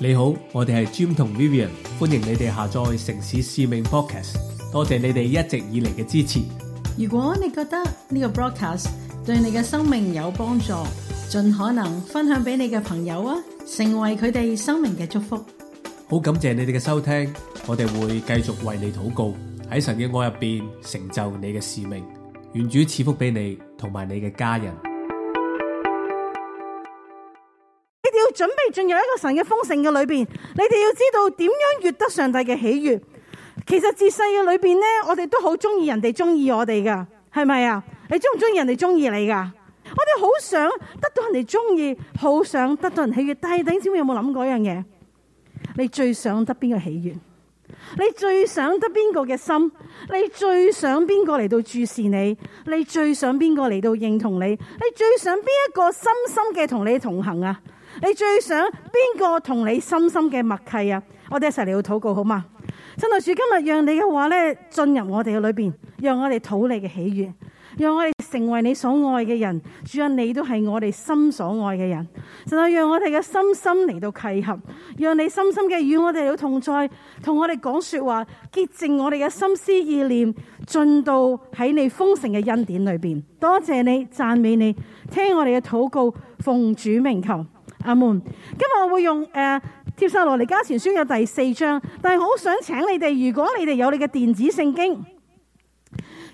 你好，我哋係 Jim 同 Vivian，歡迎你哋下載城市使命 Podcast。多謝你哋一直以嚟嘅支持。如果你覺得呢個 Broadcast 對你嘅生命有幫助，盡可能分享俾你嘅朋友啊，成為佢哋生命嘅祝福。好感謝你哋嘅收聽，我哋會繼續為你禱告，喺神嘅愛入邊成就你嘅使命，願主賜福俾你同埋你嘅家人。準備進入一個神嘅豐盛嘅裏邊，你哋要知道點樣悅得上帝嘅喜悅。其實自細嘅裏邊呢，我哋都好中意人哋中意我哋噶，係咪啊？你中唔中意人哋中意你噶？我哋好想得到人哋中意，好想得到人喜悅。但係，弟兄姊妹有冇諗過一樣嘢？你最想得邊個喜悅？你最想得邊個嘅心？你最想邊個嚟到注視你？你最想邊個嚟到認同你？你最想邊一個深深嘅同你同行啊？你最想邊個同你深深嘅默契啊？我哋一齊嚟到禱告，好嘛？神愛主，今日讓你嘅話咧進入我哋嘅裏面，讓我哋討你嘅喜悅，讓我哋成為你所愛嘅人。主啊，你都是我哋心所愛嘅人。就啊，讓我哋嘅心心嚟到契合，讓你深深嘅與我哋有同在，同我哋講說話，潔淨我哋嘅心思意念，進到喺你豐盛嘅恩典裏面。多謝你，贊美你，聽我哋嘅禱告，奉主名求。阿門。今日我會用誒《帖撒羅尼加前書》嘅第四章，但係我好想請你哋，如果你哋有你嘅電子聖經，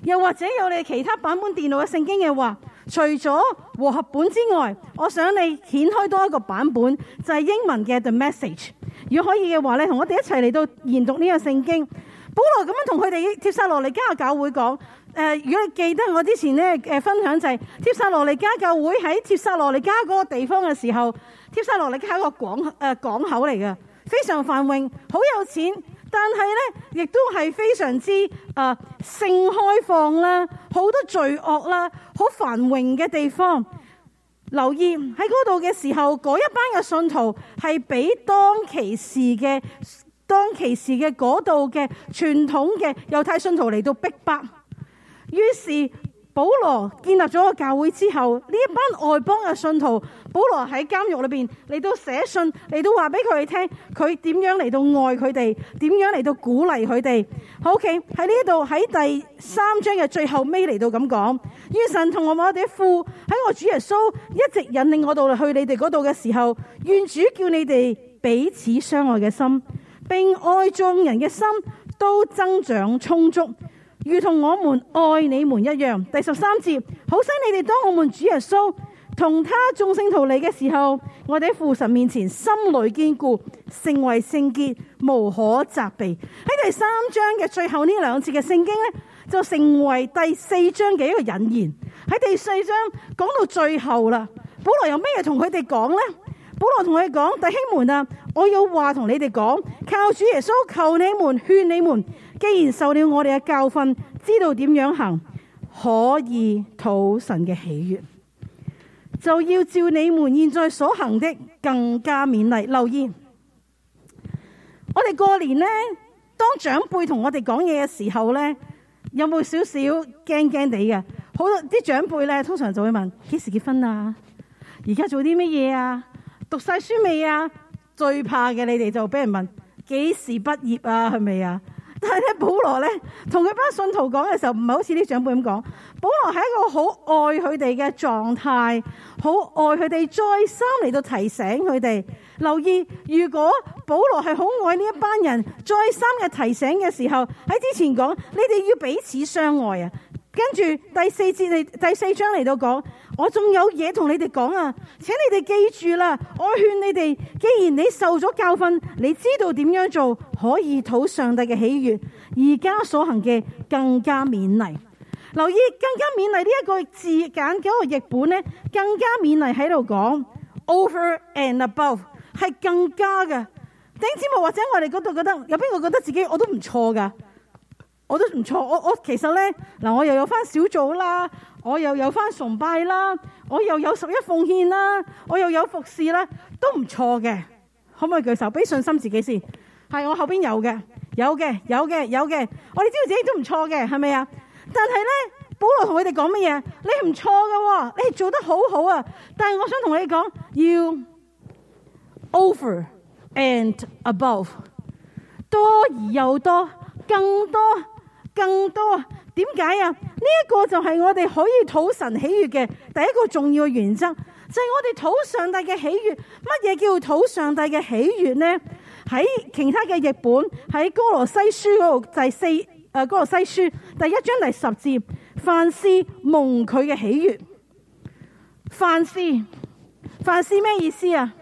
又或者有你的其他版本電腦嘅聖經嘅話，除咗和合本之外，我想你掀開多一個版本，就係、是、英文嘅 The Message。如果可以嘅話咧，同我哋一齊嚟到研讀呢個聖經。保羅咁樣同佢哋《帖撒羅尼加教會說》講。誒、呃，如果你記得我之前咧誒、呃、分享就係帖撒羅尼加教會喺帖撒羅尼加嗰個地方嘅時候，帖撒羅尼加係一個港誒、呃、港口嚟嘅，非常繁榮，好有錢，但係咧亦都係非常之啊、呃、性開放啦，好多罪惡啦，好繁榮嘅地方。留意喺嗰度嘅時候，嗰一班嘅信徒係俾當其時嘅當其時嘅嗰度嘅傳統嘅猶太信徒嚟到逼迫。於是保羅建立咗個教會之後，呢一班外邦嘅信徒，保羅喺監獄裏面嚟到寫信，嚟到話俾佢哋聽，佢點樣嚟到愛佢哋，點樣嚟到鼓勵佢哋。好，okay，喺呢度喺第三章嘅最後尾嚟到咁講，願神同我，我的父在喺我主耶穌一直引領我到去你哋嗰度嘅時候，願主叫你哋彼此相愛嘅心，並愛眾人嘅心都增長充足。如同我們愛你們一樣，第十三節，好使你們當我們主耶穌同他眾聖徒嚟嘅時候，我哋喺父神面前心裏堅固，成為聖潔，無可責備。喺第三章嘅最後呢兩節嘅聖經咧，就成為第四章嘅一個引言。喺第四章講到最後啦，保羅有咩嘢同佢哋講咧？保羅同佢哋講，弟兄們啊，我有話同你哋講，靠主耶穌，求你們，勸你們。既然受了我哋嘅教訓，知道點樣行，可以討神嘅喜悅，就要照你們現在所行的更加勉勵。留意，我哋過年呢，當長輩同我哋講嘢嘅時候呢，有冇少少驚驚地嘅？好多啲長輩呢，通常就會問：幾時結婚啊？而家做啲乜嘢啊？讀晒書未啊？最怕嘅你哋就俾人問：幾時畢業啊？係咪啊？但係咧，保羅咧，同佢班信徒講嘅時候，唔係好似啲長輩咁講。保羅係一個好愛佢哋嘅狀態，好愛佢哋，再三嚟到提醒佢哋留意。如果保羅係好愛呢一班人，再三嘅提醒嘅時候，喺之前講，你哋要彼此相愛啊。跟住第四節第四章嚟到講，我仲有嘢同你哋講啊，請你哋記住啦。我勸你哋，既然你受咗教訓，你知道點樣做，可以討上帝嘅喜悅。而家所行嘅更加勉勵，留意更加勉勵呢一個字，揀嘅個譯本咧，更加勉勵喺度講 over and above 係更加㗎。甚至乎或者我哋嗰度覺得，有邊個覺得自己我都唔錯㗎。我都唔錯，我我其實咧嗱，我又有翻小組啦，我又有翻崇拜啦，我又有十一奉獻啦，我又有服侍啦，都唔錯嘅。可唔可以舉手？俾信心自己先。係我後邊有嘅，有嘅，有嘅，有嘅。我哋知道自己都唔錯嘅，係咪啊？但係咧，保羅同佢哋講乜嘢？你唔錯噶喎，你係做得好好啊！但係我想同你講，要 over and above，多而又多，更多。更多點解啊？呢一、這個就係我哋可以討神喜悦嘅第一個重要原則，就係、是、我哋討上帝嘅喜悦。乜嘢叫討上帝嘅喜悦呢？喺其他嘅譯本喺哥羅西書嗰度，第四誒哥羅西書第一章嚟十字，凡事蒙佢嘅喜悦。凡事，凡事咩意思啊？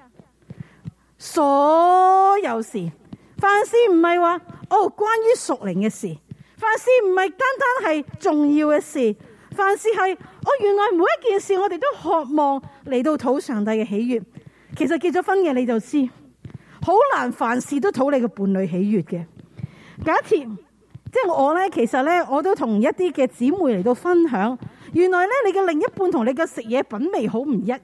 所有事，凡事唔係話哦，關於屬靈嘅事。凡事唔係單單係重要嘅事，凡事係我、哦、原來每一件事，我哋都渴望嚟到討上帝嘅喜悦。其實結咗婚嘅你就知，好難凡事都討你嘅伴侶喜悦嘅。假設即係我呢，其實呢，我都同一啲嘅姊妹嚟到分享，原來呢，你嘅另一半同你嘅食嘢品味好唔一樣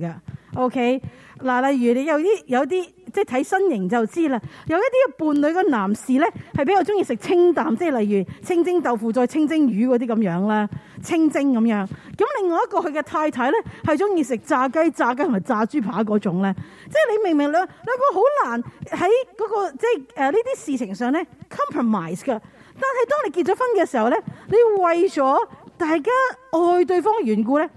嘅。OK，嗱，例如你有啲有啲。即係睇身形就知啦，有一啲嘅伴侶嘅男士咧，係比較鍾意食清淡，即係例如清蒸豆腐再清蒸魚嗰啲咁樣啦，清蒸咁樣。咁另外一個佢嘅太太咧，係鍾意食炸雞、炸雞同埋炸豬扒嗰種咧。即係你明明兩兩個好難喺嗰個即係誒呢啲事情上咧 compromise 㗎。但係當你結咗婚嘅時候咧，你為咗大家愛對方嘅緣故咧。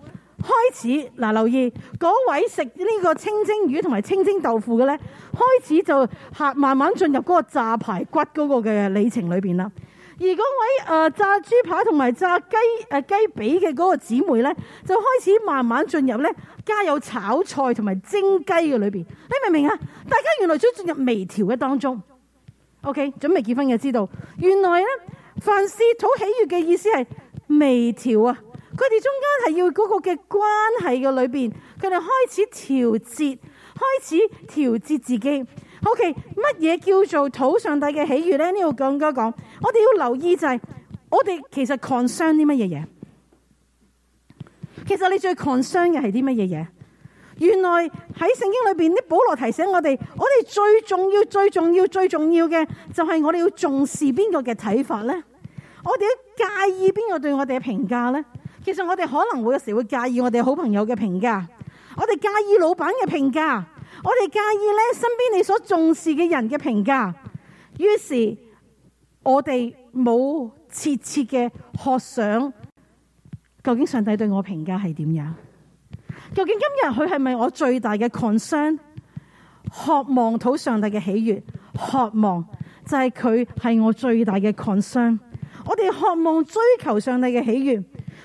開始嗱、啊，留意嗰位食呢個清蒸魚同埋清蒸豆腐嘅咧，開始就下慢慢進入嗰個炸排骨嗰個嘅里程裏邊啦。而嗰位誒、呃、炸豬扒同埋炸雞誒雞髀嘅嗰個姊妹咧，就開始慢慢進入咧加有炒菜同埋蒸雞嘅裏邊。你明唔明啊？大家原來都進入微調嘅當中。OK，準備結婚嘅知道，原來咧凡事討喜悅嘅意思係微調啊。佢哋中間係要嗰個嘅關係嘅裏邊，佢哋開始調節，開始調節自己。O K，乜嘢叫做討上帝嘅喜悅咧？呢度更加講，我哋要留意就係、是，我哋其實 concern 啲乜嘢嘢？其實你最 concern 嘅係啲乜嘢嘢？原來喺聖經裏邊，啲保羅提醒我哋，我哋最重要、最重要、最重要嘅就係我哋要重視邊個嘅睇法咧，我哋要介意邊個對我哋嘅評價咧。其實我哋可能會有時會介意我哋好朋友嘅評價，我哋介意老闆嘅評價，我哋介意咧身邊你所重視嘅人嘅評價。於是我哋冇切切嘅渴想，究竟上帝對我評價係點樣？究竟今日佢係咪我最大嘅 concern？渴望討上帝嘅喜悦，渴望就係佢係我最大嘅 concern。我哋渴望追求上帝嘅喜悦。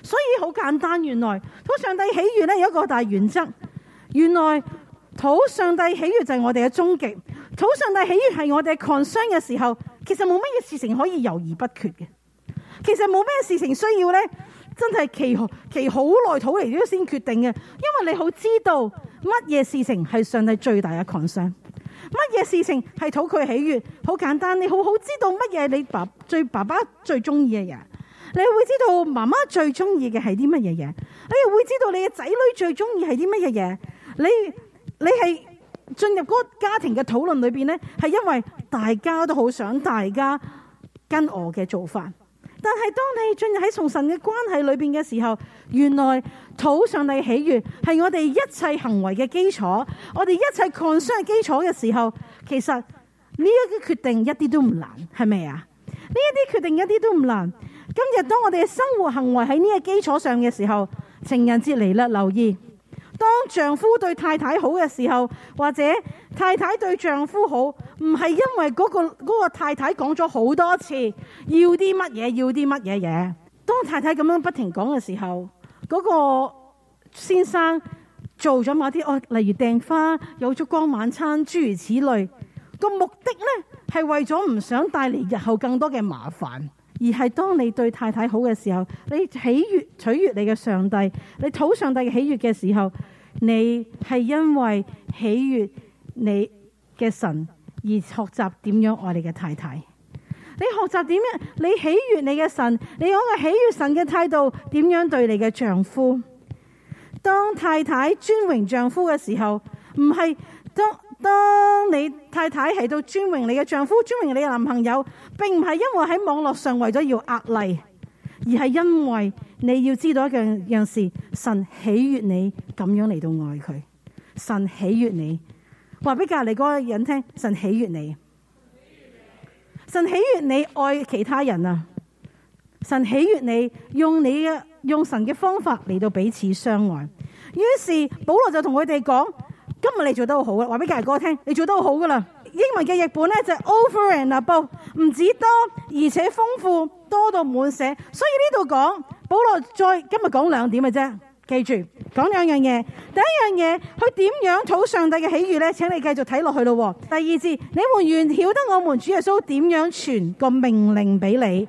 所以好簡單，原來討上帝喜悅咧有一個大原則。原來討上帝喜悅就係我哋嘅終極。討上帝喜悅係我哋 concern 嘅時候，其實冇乜嘢事情可以猶豫不決嘅。其實冇咩事情需要咧，真係其其好耐討嚟咗先決定嘅。因為你好知道乜嘢事情係上帝最大嘅 concern，乜嘢事情係討佢喜悅。好簡單，你好好知道乜嘢你爸最爸爸最中意嘅嘢。你會知道媽媽最中意嘅係啲乜嘢嘢，你又會知道你嘅仔女最中意係啲乜嘢嘢。你你係進入嗰家庭嘅討論裏邊呢，係因為大家都好想大家跟我嘅做法。但係當你進入喺崇神嘅關係裏邊嘅時候，原來討上帝嘅喜悅係我哋一切行為嘅基礎，我哋一切抗傷嘅基礎嘅時候，其實呢一個決定一啲都唔難，係咪啊？呢一啲決定一啲都唔難。今日當我哋嘅生活行為喺呢個基礎上嘅時候，情人節嚟啦！留意，當丈夫對太太好嘅時候，或者太太對丈夫好，唔係因為嗰個嗰個太太講咗好多次要啲乜嘢，要啲乜嘢嘢。當太太咁樣不停講嘅時候，嗰個先生做咗某啲哦，例如訂花、有燭光晚餐諸如此類。個目的呢，係為咗唔想帶嚟日後更多嘅麻煩。而係當你對太太好嘅時候，你喜悅取悅你嘅上帝，你討上帝嘅喜悅嘅時候，你係因為喜悅你嘅神而學習點樣愛你嘅太太。你學習點樣？你喜悅你嘅神，你嗰個喜悅神嘅態度點樣對你嘅丈夫？當太太尊榮丈夫嘅時候，唔係當。當你太太係到尊榮你嘅丈夫，尊榮你嘅男朋友，並唔係因為喺網絡上為咗要壓力，而係因為你要知道一樣事：神喜悦你咁樣嚟到愛佢，神喜悦你，話俾隔籬嗰個人聽，神喜悦你，神喜悦你愛其他人啊！神喜悦你用你嘅用神嘅方法嚟到彼此相愛。於是保羅就同佢哋講。今日你做得好啊！話俾隔籬哥聽，你做得好㗎喇。英文嘅譯本呢，就是 over and above，唔止多，而且豐富多到滿寫。所以呢度講，保羅再今日講兩點嘅啫，記住講兩樣嘢。第一樣嘢，佢點樣討上帝嘅喜悅呢？請你繼續睇落去咯。第二字，你們原曉得我們主耶穌點樣傳個命令俾你。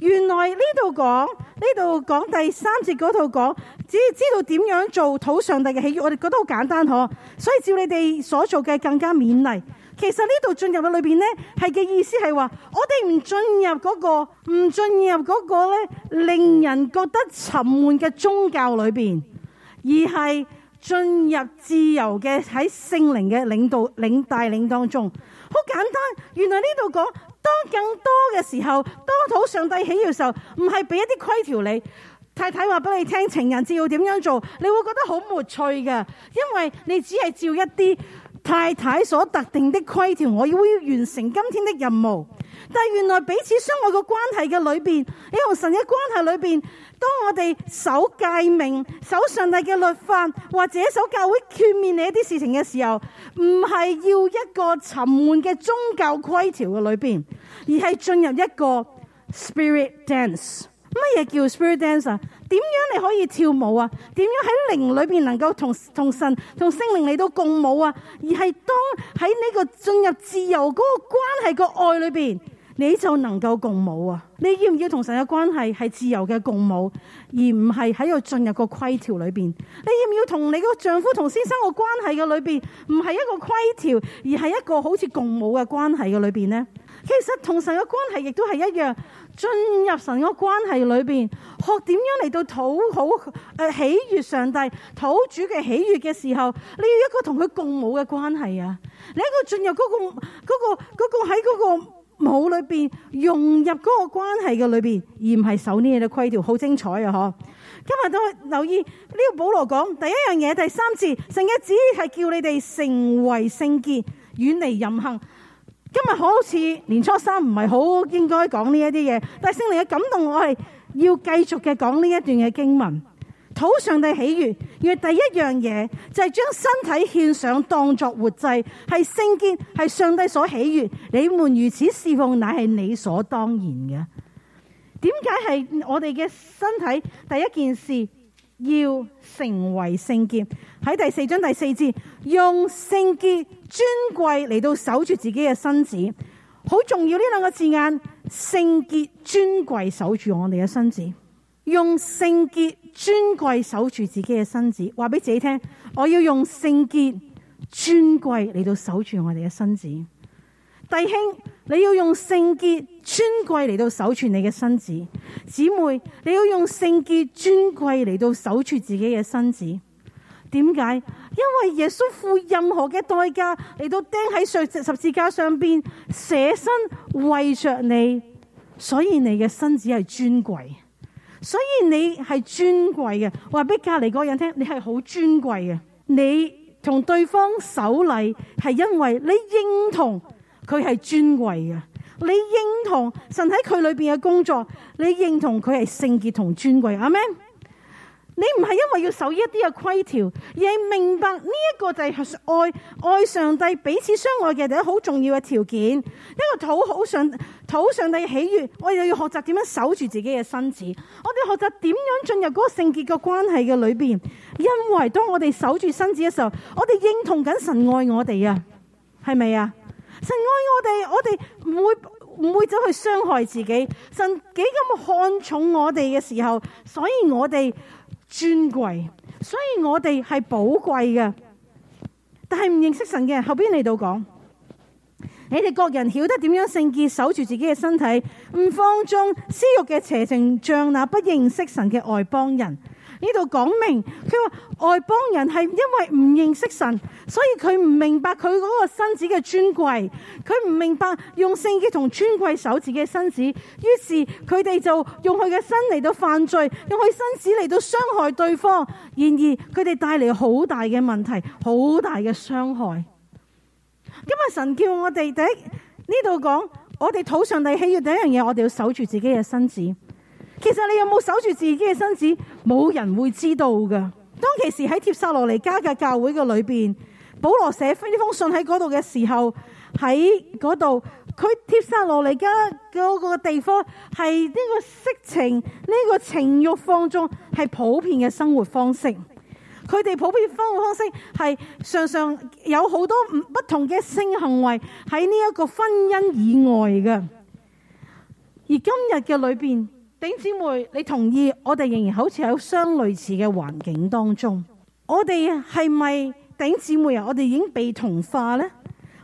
原來呢度講，呢度講第三節嗰度講，只要知道點樣做討上帝嘅喜悅，我哋覺得好簡單，嗬。所以照你哋所做嘅，更加勉勵。其實呢度進入嘅裏邊呢，係嘅意思係話，我哋唔進入嗰個唔進入嗰個咧，令人覺得沉悶嘅宗教裏邊，而係進入自由嘅喺聖靈嘅領導領帶領當中。好簡單，原來呢度講。當更多嘅時候，當討上帝喜悅嘅時候，唔係俾一啲規條你，太太話俾你聽，情人節要點樣做，你會覺得好沒趣嘅，因為你只係照一啲。太太所特定的規條，我要完成今天的任務。但原來彼此相愛嘅關係嘅裏面，你同神嘅關係裏面，當我哋守誡命、守上帝嘅律法，或者守教會勸勉你一啲事情嘅時候，唔係要一個沉悶嘅宗教規條嘅裏面，而係進入一個 spirit dance。乜嘢叫 spirit dance 啊？點樣你可以跳舞啊？點樣喺靈裏面能夠同同神同聖靈嚟到共舞啊？而係當喺呢個進入自由嗰個關係個愛裏面。你就能夠共舞啊！你要唔要同神嘅關係係自由嘅共舞，而唔係喺度進入個規條裏邊？你要唔要同你個丈夫同先生個關係嘅裏邊，唔係一個規條，而係一個好似共舞嘅關係嘅裏邊呢？其實同神嘅關係亦都係一樣，進入神個關係裏邊，學點樣嚟到討好誒、呃、喜悅上帝、討主嘅喜悅嘅時候，你要一個同佢共舞嘅關係啊！你一個進入嗰個嗰嗰個喺嗰個。那個那個那個冇裏邊融入嗰個關係嘅裏邊，而唔係守呢嘢嘅規條，好精彩啊！嗬，今日都留意呢個保羅講第一樣嘢，第三次，聖嘅旨意係叫你哋成為聖潔，遠離淫行。今日好似年初三唔係好應該講呢一啲嘢，但係聖靈嘅感動，我係要繼續嘅講呢一段嘅經文。討上帝喜悅，而第一樣嘢就係、是，將身體獻上，當作活祭，係聖潔，係上帝所喜悅。你們如此侍奉，乃係理所當然嘅。點解係我哋嘅身體？第一件事要成為聖潔。喺第四章第四節，用聖潔尊貴嚟到守住自己嘅身子，好重要。呢兩個字眼，聖潔尊貴守住我哋嘅身子，用聖潔。尊貴守住自己嘅身子，話俾自己聽，我要用聖潔尊貴嚟到守住我哋嘅身子。弟兄，你要用聖潔尊貴嚟到守住你嘅身子；姊妹，你要用聖潔尊貴嚟到守住自己嘅身子。點解？因為耶穌付任何嘅代價嚟到釘喺上十字架上邊捨身為着你，所以你嘅身子係尊貴。所以你係尊貴嘅，話俾隔籬嗰人聽，你係好尊貴嘅。你同對方守禮，係因為你認同佢係尊貴嘅，你認同神喺佢裏面嘅工作，你認同佢係聖潔同尊貴。阿們。你唔係因為要守一啲嘅規條，而係明白呢一個就係愛愛上帝、彼此相愛嘅第一好重要嘅條件。一個討好上討上帝嘅喜悅，我哋要學習點樣守住自己嘅身子。我哋學習點樣進入嗰個聖潔嘅關係嘅裏邊，因為當我哋守住身子嘅時候，我哋認同緊神愛我哋啊，係咪啊？神愛我哋，我哋唔會唔會走去傷害自己。神幾咁看重我哋嘅時候，所以我哋。尊貴，所以我哋係寶貴嘅，但係唔認識神嘅。後邊嚟到講，你哋各人曉得點樣聖潔，守住自己嘅身體，唔放縱私欲嘅邪情，像那不認識神嘅外邦人。呢度講明，佢話外邦人係因為唔認識神，所以佢唔明白佢嗰個身子嘅尊貴，佢唔明白用聖潔同尊貴守自己嘅身子，於是佢哋就用佢嘅身嚟到犯罪，用佢身子嚟到傷害對方，然而佢哋帶嚟好大嘅問題，好大嘅傷害。今日神叫我哋喺呢度講，我哋土上帝起要第一樣嘢，我哋要守住自己嘅身子。其實你有冇守住自己嘅身子，冇人會知道噶。當其時喺帖撒羅尼加嘅教會嘅裏邊，保羅寫呢封信喺嗰度嘅時候，喺嗰度，佢帖撒羅尼加嗰個地方係呢個色情、呢個情欲放縱係普遍嘅生活方式。佢哋普遍生活方式係常常有好多唔不同嘅性行為喺呢一個婚姻以外嘅。而今日嘅裏邊。頂姊妹，你同意我哋仍然好似喺相類似嘅環境當中，我哋係咪頂姊妹啊？我哋已經被同化呢？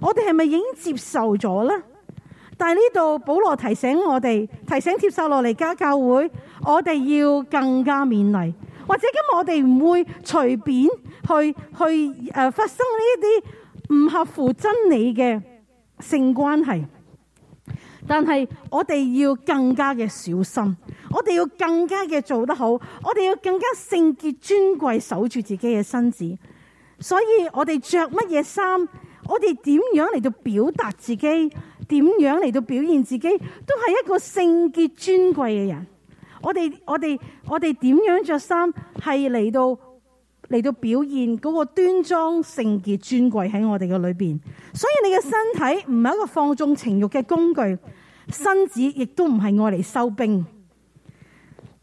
我哋係咪已經接受咗呢？但係呢度保羅提醒我哋，提醒帖撒羅尼加教會，我哋要更加勉勵，或者咁我哋唔會隨便去去誒發生呢啲唔合乎真理嘅性關係，但係我哋要更加嘅小心。我哋要更加嘅做得好，我哋要更加聖潔尊貴，守住自己嘅身子。所以我哋着乜嘢衫，我哋點樣嚟到表達自己，點樣嚟到表現自己，都係一個聖潔尊貴嘅人。我哋我哋我哋點樣着衫，係嚟到嚟到表現嗰個端莊聖潔尊貴喺我哋嘅裏邊。所以你嘅身體唔係一個放縱情慾嘅工具，身子亦都唔係愛嚟收兵。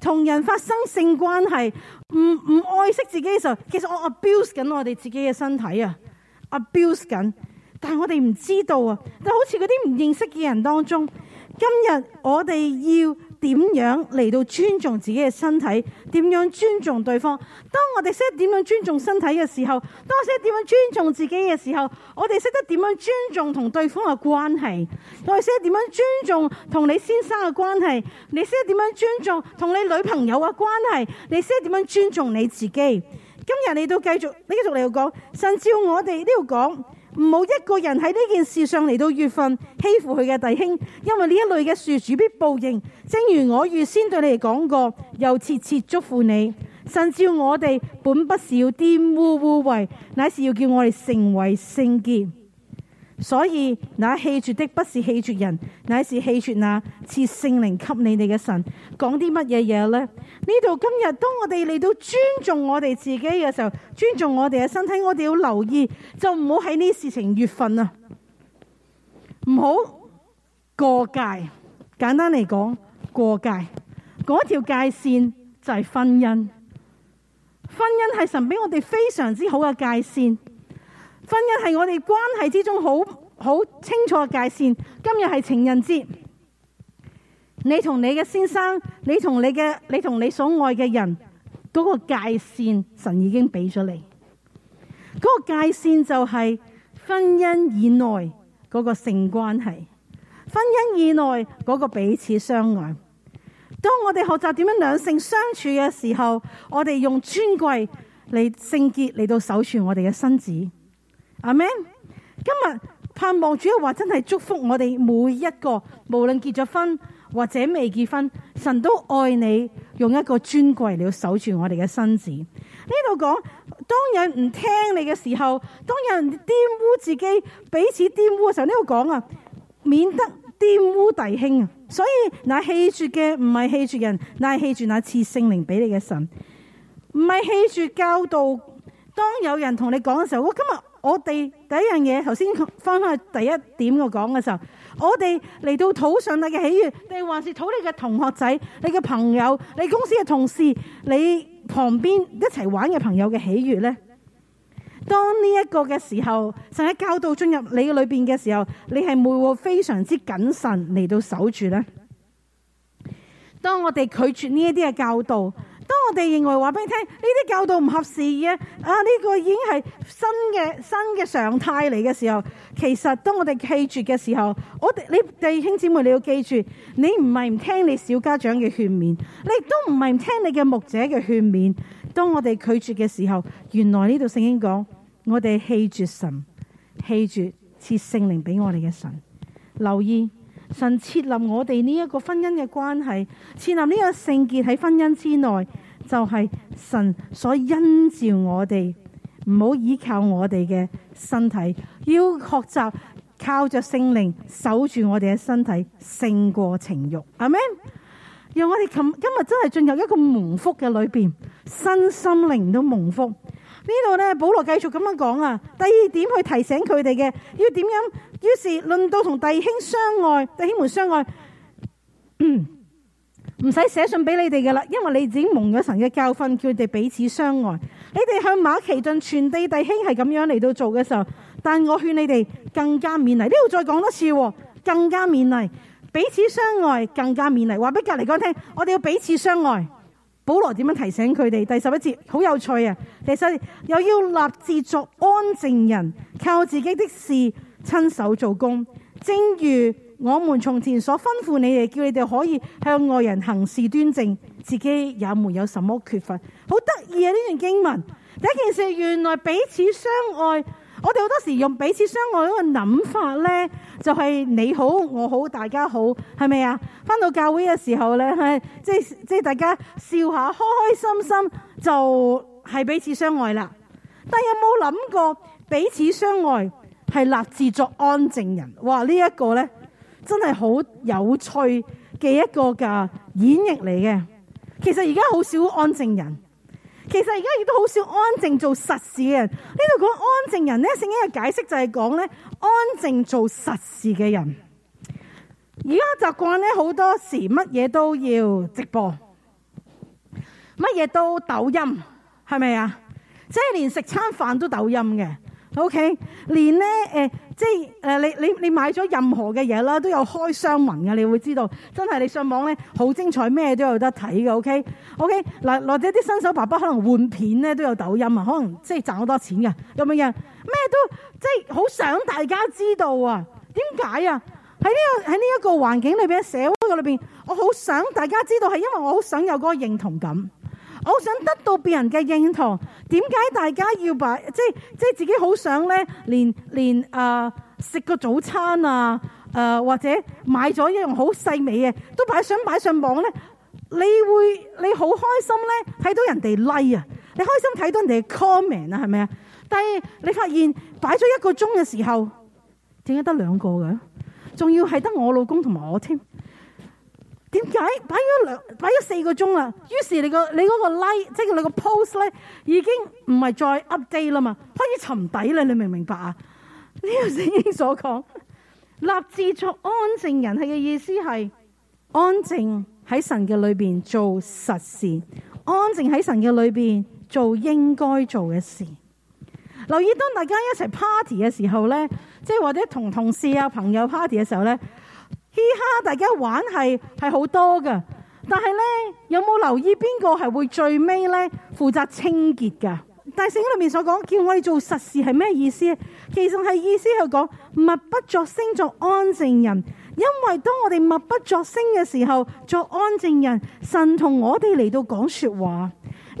同人發生性關係，唔唔愛惜自己嘅時候，其實我 abuse 緊我哋自己嘅身體啊。嗯，abuse 緊，但係我哋唔知道啊。就好似嗰啲唔認識嘅人當中，今日我哋要。點樣嚟到尊重自己嘅身體？點樣尊重對方？當我哋識得點樣尊重身體嘅時候，當我識得點樣尊重自己嘅時候，我哋識得點樣尊重同對方嘅關係。我哋識得點樣尊重同你先生嘅關係，你識得點樣尊重同你女朋友嘅關係，你識得點樣尊重你自己。今日你都繼續，你繼續嚟到講，甚至我哋都要講。冇一個人喺呢件事上嚟到越份，欺負佢嘅弟兄，因為呢一類嘅事主必報應。正如我預先對你哋講過，又切切祝福你。甚至我哋本不是要玷污污穢，乃是要叫我哋成為聖潔。所以，那棄絕的不是棄絕人，乃是棄絕那賜聖靈給你哋嘅神。講啲乜嘢嘢呢？呢度今日當我哋嚟到尊重我哋自己嘅時候，尊重我哋嘅身體，我哋要留意，就唔好喺呢事情越分啊！唔好過界。簡單嚟講，過界嗰條界線就係婚姻。婚姻係神俾我哋非常之好嘅界線。婚姻係我哋關係之中好好清楚嘅界線。今日係情人節，你同你嘅先生，你同你嘅，你同你所愛嘅人嗰個界線，神已經俾咗你。嗰個界線就係婚姻以內嗰個性關係，婚姻以內嗰個彼此相愛。當我哋學習點樣兩性相處嘅時候，我哋用尊貴嚟聖潔嚟到守住我哋嘅身子。阿們，今日盼望主耶穌真係祝福我哋每一個，無論結咗婚或者未結婚，神都愛你，用一個尊貴嚟，守住我哋嘅身子。呢度講，當有人唔聽你嘅時候，當有人玷污自己、彼此玷污嘅時候，呢度講啊，免得玷污弟兄。啊，所以，乃棄絕嘅唔係棄絕人，乃棄絕那賜聖靈俾你嘅神，唔係棄絕教導。當有人同你講嘅時候，我今日。我哋第一樣嘢，頭先翻返去第一點我講嘅時候，我哋嚟到討上帝嘅喜悅，定還是討，你嘅同學仔、你嘅朋友、你公司嘅同事、你旁邊一齊玩嘅朋友嘅喜悅呢？當呢一個嘅時候，神嘅教導進入你嘅裏邊嘅時候，你係會非常之謹慎嚟到守住呢。當我哋拒絕呢一啲嘅教導，當我哋認為話俾你聽呢啲教導唔合時嘅，啊呢個已經係新嘅新嘅常態嚟嘅時候，其實當我哋棄絕嘅時候，我的你弟兄姊妹，你要記住，你唔係唔聽你小家長嘅勸勉，你亦都唔係唔聽你嘅牧者嘅勸勉。當我哋拒絕嘅時候，原來呢度聖經講我哋棄絕神，棄絕賜聖靈俾我哋嘅神。留意神設立我哋呢一個婚姻嘅關係，設立呢個聖潔喺婚姻之內。就係、是、神所恩召我哋，唔好依靠我哋嘅身體，要學習靠着聖靈守住我哋嘅身體，勝過情欲。阿門！讓我哋今今日真係進入一個蒙福嘅裏邊，身心靈都蒙福。呢度呢，保羅繼續咁樣講啊，第二點去提醒佢哋嘅，要點樣？於是論到同弟兄相愛，弟兄們相愛。唔使寫信畀你哋㗎喇，因為你自己蒙咗神嘅教訓，叫你哋彼此相愛。你哋向馬其頓、全地弟兄係咁樣嚟到做嘅時候，但我勸你哋更加勉勵。呢度再講多次，更加勉勵，彼此相愛，更加勉勵。話俾隔籬講聽，我哋要彼此相愛。保羅點樣提醒佢哋？第十一節好有趣啊！其實又要立志做安靜人，靠自己的事親手做工，正如。我們從前所吩咐你哋，叫你哋可以向外人行事端正，自己也沒有什麼缺乏。好得意啊！呢段經文，第一件事，原來彼此相愛。我哋好多時用彼此相愛嗰個諗法呢，就係、是、你好我好大家好，係咪啊？翻到教會嘅時候呢，即係即係大家笑下，開開心心就係、是、彼此相愛啦。但有冇諗過彼此相愛係立志作安靜人？哇！呢、這、一個呢。真係好有趣嘅一個嘅演繹嚟嘅。其實而家好少安靜人，其實而家亦都好少安靜做實事嘅人。呢度講安靜人，呢聖經嘅解釋就係講呢，安靜做實事嘅人。而家習慣呢，好多時乜嘢都要直播，乜嘢都抖音，係咪啊？即係連食餐飯都抖音嘅。OK? 連咧誒、呃，即係誒、呃、你你你買咗任何嘅嘢啦，都有開箱文㗎，你會知道。真係你上網咧好精彩，咩都有得睇嘅。OK. OK. 嗱，或者啲新手爸爸可能換片咧都有抖音啊，可能即係賺好多錢嘅咁樣樣，咩都即係好想大家知道啊。點解啊？喺呢個喺呢一個環境裏邊，社會嘅裏邊，我好想大家知道係因為我好想有嗰個認同感。我想得到別人嘅認同，點解大家要擺即係即係自己好想咧，連連誒食個早餐啊，誒、呃、或者買咗一樣好細美嘅都擺相擺上網咧，你會你好開心咧睇到人哋 like 啊，你開心睇到人哋 comment 啊，係咪啊？但係你發現擺咗一個鐘嘅時，時候，點解得兩個㗎？仲要係得我老公同埋我添。點解擺咗兩擺咗四個鐘啦？於是你個你個 like，即係你個 post 咧，已經唔係再 update 啦嘛，可以沉底啦！你明唔明白啊？呢、這個聖經所講，立志作安靜人嘅意思係安靜喺神嘅裏邊做實事，安靜喺神嘅裏邊做應該做嘅事。留意當大家一齊 party 嘅時候咧，即係或者同同事啊朋友 party 嘅時候咧。嘻哈，大家玩係係好多噶，但係咧有冇留意邊個係會最尾咧負責清潔噶？但係聖經裏面所講叫我哋做實事係咩意思？其實係意思係講默不作聲，作安靜人。因為當我哋默不作聲嘅時候，作安靜人，神同我哋嚟到講說話。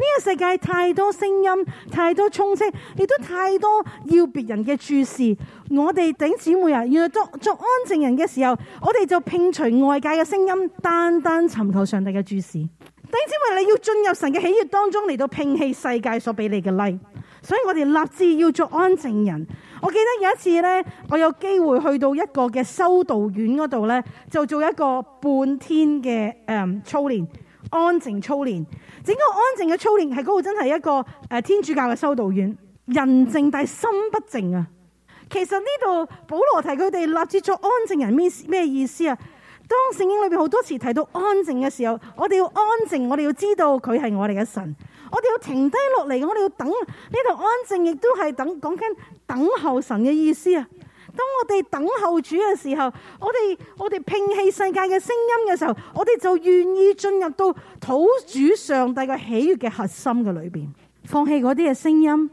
呢個世界太多聲音，太多充斥，亦都太多要別人嘅注視。我哋弟兄姊妹啊，要作作安靜人嘅時候，我哋就摒除外界嘅聲音，單單尋求上帝嘅注視。弟兄姊妹，你要進入神嘅喜悅當中嚟到摒棄世界所俾你嘅拉，所以我哋立志要做安靜人。我記得有一次呢，我有機會去到一個嘅修道院嗰度呢就做一個半天嘅誒操練。安靜操練，整個安靜嘅操練係嗰度真係一個誒，天主教嘅修道院，人靜但係心不靜啊。其實呢度保羅提佢哋立志做安靜人咩咩意思啊？當聖經裏邊好多次提到安靜嘅時候，我哋要安靜，我哋要知道佢係我哋嘅神，我哋要停低落嚟，我哋要等，呢度安靜亦都係等講緊等候神嘅意思啊。當我哋等候主嘅時候，我哋我哋摒棄世界嘅聲音嘅時候，我哋就願意進入到土主上帝嘅喜悅嘅核心嘅裏邊，放棄嗰啲嘅聲音，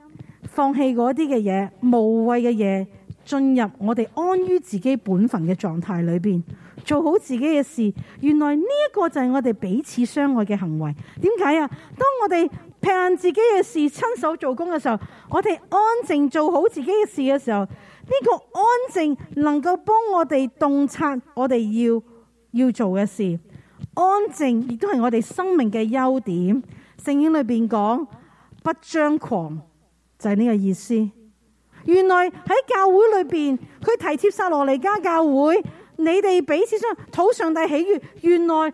放棄嗰啲嘅嘢無謂嘅嘢，進入我哋安於自己本分嘅狀態裏邊，做好自己嘅事。原來呢一個就係我哋彼此相愛嘅行為。點解啊？當我哋平自己嘅事，親手做工嘅時候，我哋安靜做好自己嘅事嘅時候。呢、這個安靜能夠幫我哋洞察我哋要要做嘅事，安靜亦都係我哋生命嘅優點。聖經裏邊講不張狂就係、是，呢個意思。原來喺教會裏邊，佢提帖撒羅尼加教會，你哋彼此相討上帝喜悅。原來安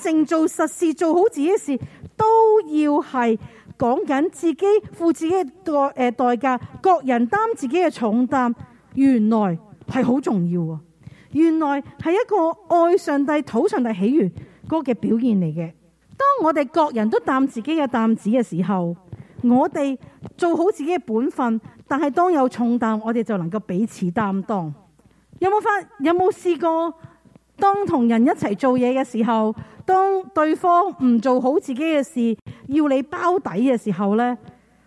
靜做實事，做好自己嘅事，都要係講緊自己付自己嘅代、誒、代價，各人擔自己嘅重擔。原來係好重要啊，原來係一個愛上帝、討上帝喜悦嗰嘅表現嚟嘅。當我哋各人都擔自己嘅擔子嘅時候，我哋做好自己嘅本分。但係當有重擔，我哋就能夠彼此擔當。有冇發？有冇試過當同人一齊做嘢嘅時候，當對方唔做好自己嘅事，要你包底嘅時候呢，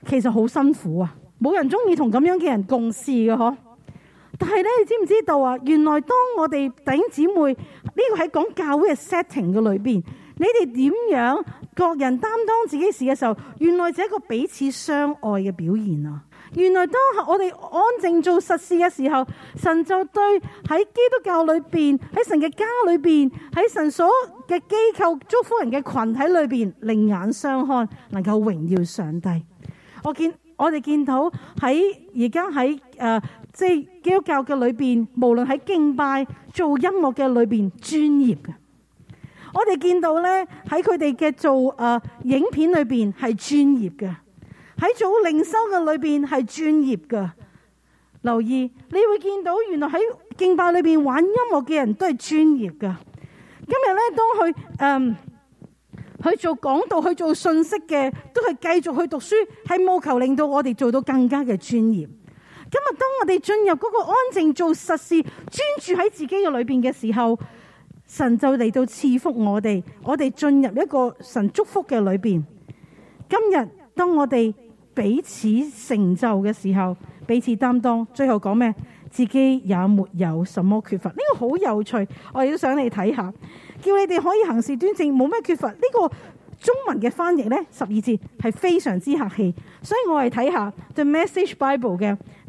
其實好辛苦啊！冇人中意同咁樣嘅人共事嘅，嗬。但係咧，你知唔知道啊？原來當我哋弟兄姊妹呢、這個喺講教會嘅 setting 嘅裏邊，你哋點樣各人擔當自己事嘅時候，原來就係一個彼此相愛嘅表現啊！原來當我哋安靜做實事嘅時候，神就對喺基督教裏邊喺神嘅家裏邊喺神所嘅機構祝福人嘅群體裏邊另眼相看，能夠榮耀上帝。我見我哋見到喺而家喺誒。呃即係基督教嘅裏邊，無論喺敬拜做音樂嘅裏邊專業嘅，我哋見到咧喺佢哋嘅做誒、呃、影片裏邊係專業嘅，喺做靈修嘅裏邊係專業嘅。留意你會見到，原來喺敬拜裏邊玩音樂嘅人都係專業噶。今日咧，當佢誒去做講道、去做信息嘅，都係繼續去讀書，係務求令到我哋做到更加嘅專業。今日當我哋進入嗰個安靜做實事，專注喺自己嘅裏邊嘅時候，神就嚟到賜福我哋。我哋進入一個神祝福嘅裏邊。今日當我哋彼此成就嘅時候，彼此擔當，最後講咩？自己也沒有什麼缺乏。呢個好有趣，我哋都想你睇下，叫你哋可以行事端正，冇咩缺乏。呢個中文嘅翻譯呢，十二節係非常之客氣，所以我嚟睇下 The Message Bible 嘅。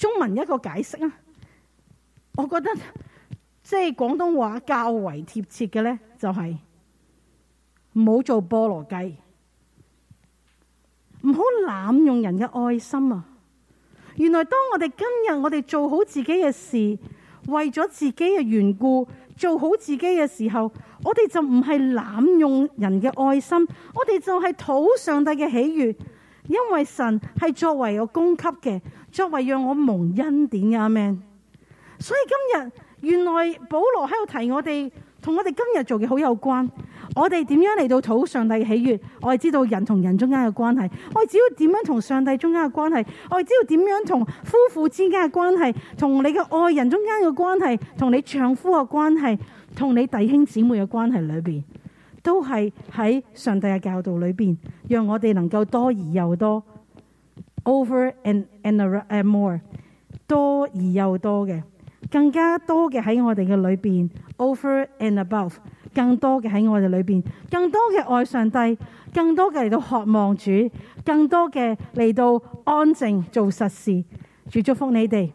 中文一個解釋啊，我覺得即係廣東話較為貼切嘅呢，就係唔好做菠蘿雞，唔好濫用人嘅愛心啊！原來當我哋今日我哋做好自己嘅事，為咗自己嘅緣故做好自己嘅時候，我哋就唔係濫用人嘅愛心，我哋就係討上帝嘅喜悅。因為神係作為我供給嘅，作為讓我蒙恩典嘅，阿們。所以今日原來保羅喺度提我哋，同我哋今日做嘅好有關。我哋點樣嚟到討上帝嘅喜悦？我哋知道人同人中間嘅關係。我哋知道點樣同上帝中間嘅關係？我哋知道點樣同夫婦之間嘅關係，同你嘅愛人中間嘅關係，同你丈夫嘅關係，同你弟兄姊妹嘅關係裏邊。都係喺上帝嘅教導裏邊，讓我哋能夠多而又多，over and and, a, and more，多而又多嘅，更加多嘅喺我哋嘅裏邊，over and above，更多嘅喺我哋裏邊，更多嘅愛上帝，更多嘅嚟到渴望主，更多嘅嚟到安靜做實事，主祝福你哋。